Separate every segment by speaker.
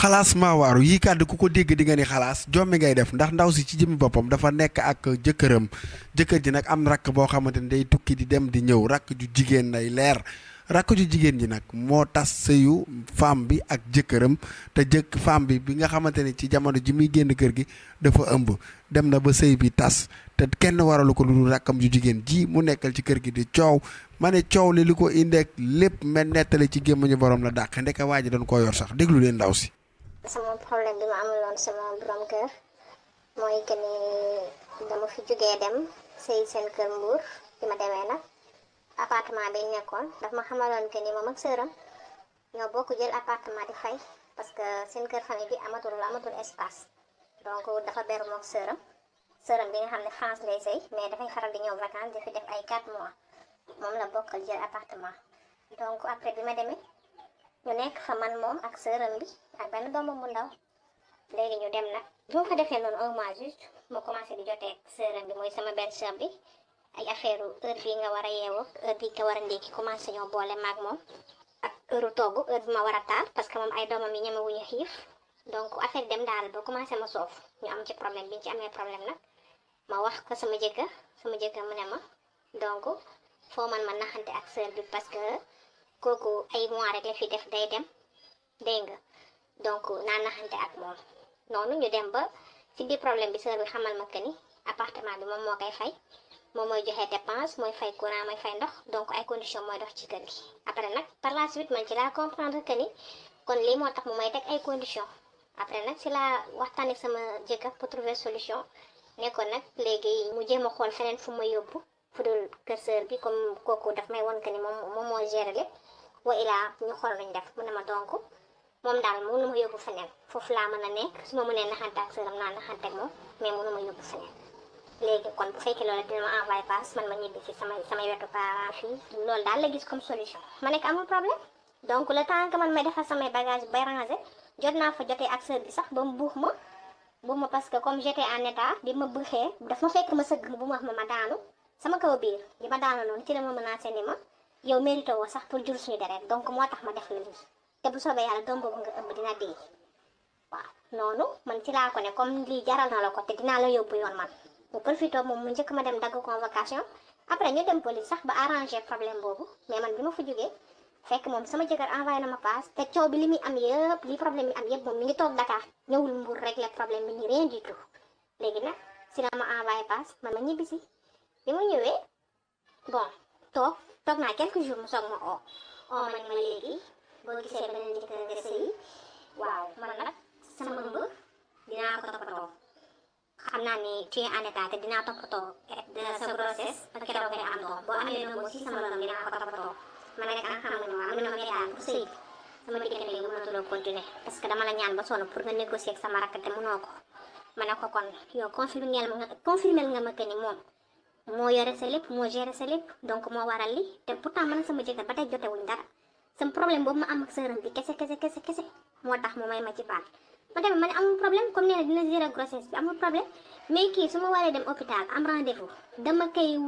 Speaker 1: xalaas maa waaru yii kàddu ku ko dégg di nga ni xalaas jommi ngay def ndax ndaw si ci jëmmi boppam dafa nekk ak jëkkëram jëkkër ji nag am rakk boo xamante ni day tukki di dem di ñëw rakk ju jigéen lay leer rakk ju jigéen ji nag moo tas sëyu femme bi ak jëkkëram te jëkk femme bi bi nga xamante ni ci jamono ji muy génn kër gi dafa ëmb dem na ba sëy bi tas te kenn waralu ko lu dul rakkam ju jigéen ji mu nekkal ci kër gi di coow ma ne coow li li ko indeek lépp mel nettali ci gémmiñu borom la dàq ndeke waa ji dañ koo yor sax déglu leen ndaw si
Speaker 2: sama problème bi ma amuloon sama borom kër mooy que ni dama fi jugee dem sëy seen kër bi ma demee nag appartement bi nekkoon daf ma xamaloon que ni moom ak sëram ñoo bokk jël appartement di fay parce que seen kër famille bi amatul amatul espace donc dafa beru mook sëram sëram bi nga xam ne France lay sëy mais dafay faral di ñëw vacances di fi def ay 4 mois moom la bokkal jël appartement donc après bi ma demee. ñu nekk fa man moom ak sërëm bi ak benn doomam bu ndaw léegi ñu dem nag bu ma ko defee noonu un mois juste ma commencé di jotee sërëm bi mooy sama benn sœur bi ay affaire heure bii nga war a yeewoo heure bii nga war a ndékki commencé ñoo boole maag moom ak heure parce que moom ay doomam yi ñeme wuñu xiif donc affaire dem daal ba commencé ma soof ñu am ci problème bi ñu ci amee problème nag ma wax ko sama jëkkër sama jëkkër mu ne ma donc foo man ma naxante ak sœur bi parce que. kooku ay mois rek la fi def day dem dégg nga donc naa naxante ak moom noonu ñu dem ba ci biir problème bi sœur bi xamal ma que ni appartement bi moom moo koy fay moom mooy joxe dépense mooy fay courant mooy fay ndox donc ay condition mooy dox ci kër gi après nag par la suite man ci laa comprendre que kon lii moo tax mu may teg ay condition après nag ci laa waxtaanee sama jëkkër pour trouver solution nekkoon nag léegi mu jéem a xool feneen fu ma yóbbu fudul kër sœur bi comme kooku daf may won ni moom moom moo gérer lépp wa ilaa ñu xool luñ def mu na ma donc moom daal mënu ma yóbbu feneen foofu laa mën a nekk su ma bu fekkee loolu dina ma envoyé pass man ma ñibbi si samay wetu parents fii loolu daal la gis comme solution ma nekk amul problème donc le temps que man may defar samay bagage bay jot naa fa jotee ak sœur bi sax ba mu buux ma buux ma parce que comme j'étais en état bi ma bëxee daf ma fekk ma sëgg bu ma wax ma ma daanu sama kaw biir li ma daana noonu ci la ma menacé ni ma yow mérité woo sax pour jur suñu deret donc moo tax ma def la lii te bu soobee yàlla ci laa ko ne comme lii jaral la ko te dinaa la yóbbu yoon man mu profité ma dem dagg convocation après ñu dem police sax ba arrangé problème boobu mais fekk moom sama jëkkër envoyé na ma bi li muy am mi ngi toog Dakar ñëwul Mbour régler problème bi ni rien du tout léegi nag si la ma envoyé paas man ma ñibbisi li ma ñëwee bon toog toog naa quelques jours mu soog ma oo oo ma ni ma boo gisee naa ni tu es en état te dinaa toppatoo de sa grossesse ba keroog nga am doom ko toppatoo ne nag dama la ñaan ba sonn pour nga négocier sama rakk te mënoo ko ma ne kon yow confirmé nga ma confirmé moom. moo yore sa lépp moo géré sa lépp donc moo waral li te pourtant man sama jëkkër ba tey jotewuñ dara sama problème boobu ma am ak sërëm bi kese kese kese moo tax mu may ma ci baal ma demee ma ne amul na dina gérer grossesse bi amul problème mais kii su ma waree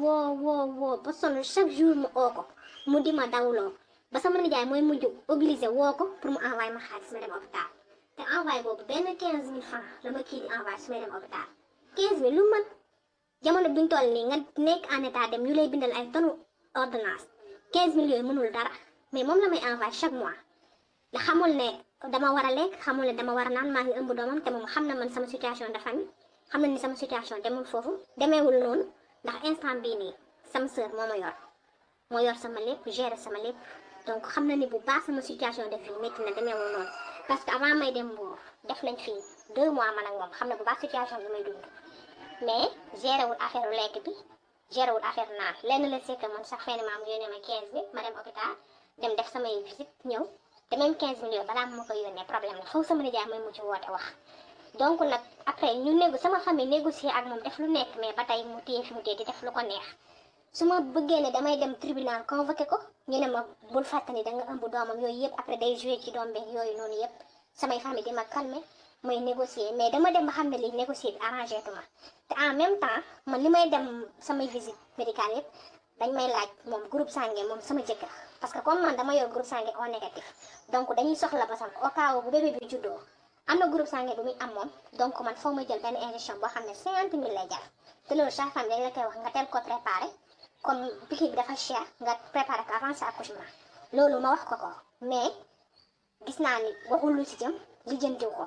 Speaker 2: woo woo woo ba sonn chaque jour mu oo ko mu di ma dawloo ba sama nijaay mooy mujj obligé woo ko pour mu envoyé ma xaalis ma dem hôpital te envoyé boobu benn 15000 francs la ma kii di envoyé su may dem hôpital 15000 lu mën. jamono bi ñu toll nii nga nekk en dem ñu lay bindal ay tonu ordonnance 15 millions mënul dara mais moom la may envoyé chaque mois da xamul ne dama war a lekk xamul ne dama war a naan xam na man sama situation de famille xam na ni sama situation demul foofu demeewul noonu ndax instant nii sama sœur moo ma yor moo yor sama lépp gérer sama lépp donc xam na ni bu baax sama situation de fii métti na demeewul noonu parce que avant may dem Mbour def nañ fii deux mois man ak moom xam na bu baax situation bi may dund. mais géré wul affaire lekk bi géré wul affaire naan lenn la c'est que man chaque fin de mois mu ma dem hôpital dem def samay visite ñëw te même 15 millions balaa ma ko yónnee problème la foofu sama nijaay mooy mu ci woote wax. donc nag après ñu négo moom def lu nekk mais ba tey mu téye mu téye di def lu ko neex su ma bëggee ne damay dem tribunal convoqué ko ñu ne ma bul fàttali da nga ëmb doomam yooyu yëpp après day joué ci doom beeg yooyu noonu yëpp samay famille di ma calmer. may négocier mais dama dem ba xam ne li négocier bi arrangé tuma te en même temps man li may dem samay visite médicale yëpp dañ may laaj moom groupe sange moom sama jëkkër parce que comme man dama yor groupe sanguin O négatif donc dañuy soxla ba sax au bu bébé bi juddoo am na groupe sanguin bu muy am moom donc man foo ma jël benn injection boo xam ne cinquante mille lay jar te loolu chaque femme dañ la wax nga teel ko préparé comme piqûre bi dafa nga préparé ko sa accouchement loolu wax ko ko mais gis naa ni waxul lu ci jëm li jëndiw ko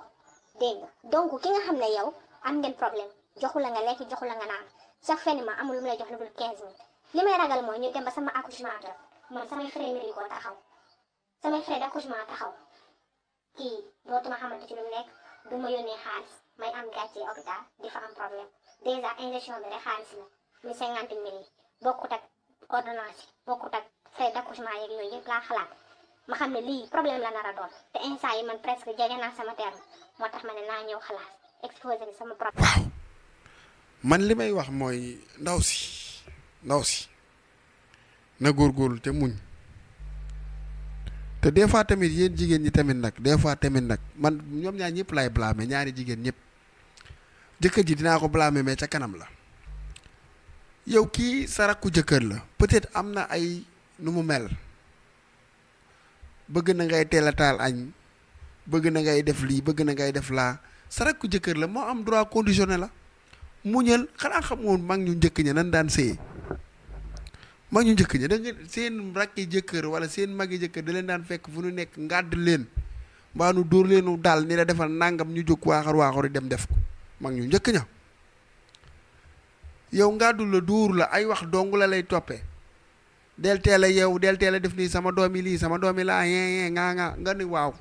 Speaker 2: dégg nga donc ki nga xam ne yow am ngeen problème joxu la nga lekk joxu la nga naan chaque fin amul lu mu lay jox lu dul 15000 li may ragal mooy ñu dem ba sama accouchement jot man samay frais médicaux taxaw samay frais d'accouchement taxaw kii dootuma xamante ci lu mu nekk du ma yónnee xaalis may am gàcce hôpital di fa am problème bi rek xaalis la muy 50 mille bokkut ak yi bokkut ak frais d'accouchement yeeg yooyu yëpp ma xam ne lii problème la nar a te instant yi man presque jege naa sama terme moo tax ma ne naa ñëw xalaas exposé sama problème. waaw
Speaker 1: man li may wax mooy ndaw si ndaw si na góor góorgóorlu te muñ te des fois tamit yéen jigéen ñi tamit nag des fois tamit nag man ñoom ñaar ñëpp laay blâmer ñaari jigéen ñépp jëkkër ji dinaa ko blâmer mais ca kanam la yow kii sa rakku jëkkër la peut-être am na ay nu mu mel. bëgg na ngay teel a taal añ bëgg na ngay def lii bëgg na ngay def laa sa rakku jëkkër la moo am droit conditionné la muñal xanaa xamoon mag ñu njëkk ña nan daan séye mag ñu njëkk ña da nga seen rakki jëkkër wala seen magi jëkkër da leen daan fekk fu nu nekk ngàdd leen mbaa nu dóor leenu daal ni la defal nangam ñu jóg waaxar waaxari dem def ko mag ñu njëkk ña yow ngàddul la dóor la ay wax dong la lay toppee del teel a yeewu del teel def nii sama doom yi lii sama doom yi laa yee ngaa ngaa nga ni waaw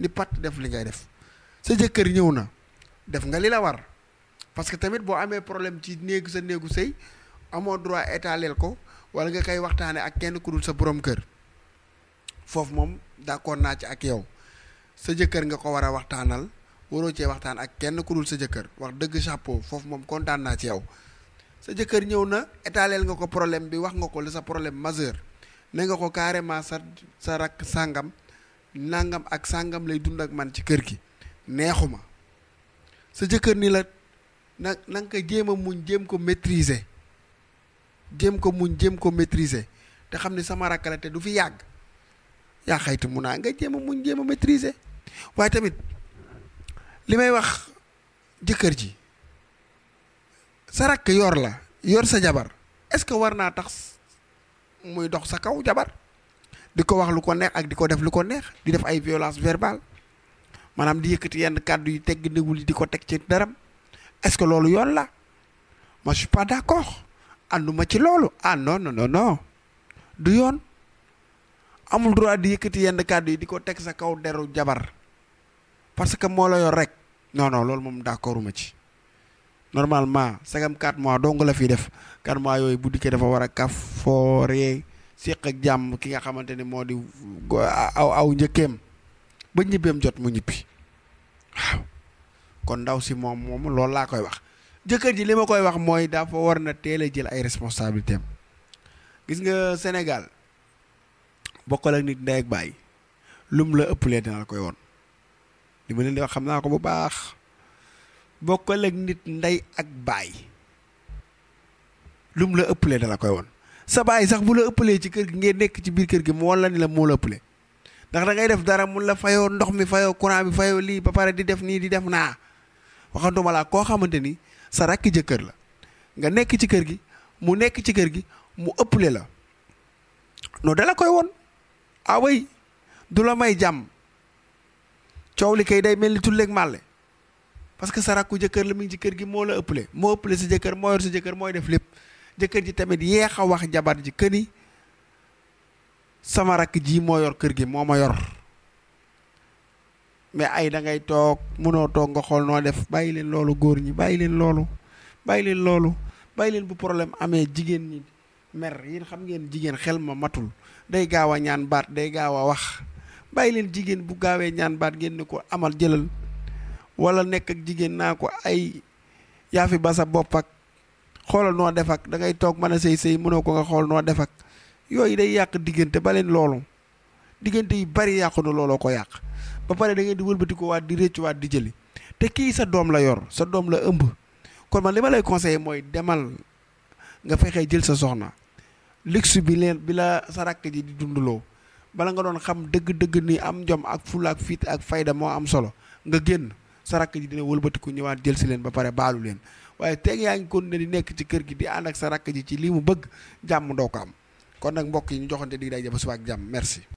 Speaker 1: ni pat def li ngay def sa jëkkër ñëw na def nga li la war parce que tamit boo amee problème ci néegu sa néegu sëy amoo droit étalel ko wala nga kay waxtaane ak kenn ku sa borom kër foofu moom d'accord naa ci ak yow sa jëkkër nga ko war a waxtaanal waroo cee waxtaan ak kenn ku sa jëkkër wax dëgg chapeau foofu moom kontaan naa ci yow sa jëkkër ñëw na étaleel nga ko problème bi wax nga ko la sa problème majeur ne nga ko carrément sa sa rakk sàngam nangam ak sàngam lay dund ak man ci kër gi neexuma sa jëkkër ni la na na nga ko jéem a muñ jéem ko maîtriser jéem ko muñ jéem ko maîtriser te xam ni sama rakk la te du fi yàgg yaa xayti mun naa nga jéem a muñ jéem a maîtriser waaye tamit li may wax jëkkër ji sa rakk yor la yor sa jabar est-ce que war naa tax muy dox sa kaw jabar di ko wax lu ko neex ak di ko def lu ko neex di def ay violage verbale maanaam di yëkkati yenn kàddu yu tegg di ko teg ci daram est-ce que loolu yoon la moi je ànduma ci loolu ah non non non du yoon amul droit di yëkkati yenn kàddu yi di ko teg sa kaw deru jabar parce que moo la yor rek non non loolu moom d'accorduma ci normalement sagam 4 mois dong la fi def 4 mois yooyu bu dikkee dafa war a kaf fooree séq ak jàmm ki nga xamante ne moo di aw aw njëkkeem ba ñibbeem jot mu ñibbi waaw kon ndaw si moom moom lool laa koy wax jëkkër ji li ma koy wax mooy dafa war na teel a jël ay responsabilité gis nga Sénégal bokkal ak nit ndey ak bàyyi lum la ëppalee dina la koy woon li ma leen di wax xam naa ko bu baax bokkal ak nit ndey ak baay lu la ëpp ëppalee dala koy won sa baay sax bu la ëppalee ci kër gi ngay nekk ci biir kër gi mu walla ni la moo la ëppalee ndax da def dara mun la fayoo ndox mi fayoo courant bi fayoo lii ba pare di def nii di def naa waxantuma laa koo xamante ni sa rakk jëkkër la nga nekk ci kër gi mu nekk ci kër gi mu ëpple la non dala koy won away ah du la may jàmm coow li kay day mel ni tulleeg màlle parce que sa rakku jëkkër la muy ngi kër gi moo la ëppale moo ëppale sa jëkkër moo yor sa jëkkër mooy def lépp jëkkër ji tamit yeex a wax jabar ji këni sama rakk ji moo yor kër gi moo ma yor mais ay da ngay toog mënoo toog nga xool noo def bàyyi leen loolu góor ñi bàyyi leen loolu bàyyi leen loolu bàyyi leen bu problème amee jigéen ñi mer yéen xam ngeen jigéen xel ma matul day gaaw a ñaan baat day gaaw a wax bàyyi leen jigéen bu gaawee ñaan baat ngeen ne ko amal jëlal wala nekk ak jigéen naa ko ay yaa fi basa bopp ak xoolal noo def ak da ngay toog mën a sëy sëy mënoo ko nga xool noo def ak yooyu day yàq diggante ba leen loolu diggante yu bari yàqu na looloo ko yàq ba pare da ngeen di wëlbati ko waat di réccuwaat di jëli te kii sa doom la yor sa doom la ëmb kon man li ma lay conseil mooy demal nga fexe jël sa soxna luxe bi leen bila sa rakk ji di dundaloo bala nga doon xam dëgg-dëgg ni am njom ak fula ak fit ak fayda moo am solo nga génn sa rakk ji dina wëlbatiku ñëwaat jël si leen ba pare baalu leen waaye teg yaa ngi kon ne di nekk ci kër gi di ànd ak sa rakk ji ci lii mu bëgg jàmm doo ko am kon nag mbokk yi ñu joxante dig daje ba suba ak jàmm merci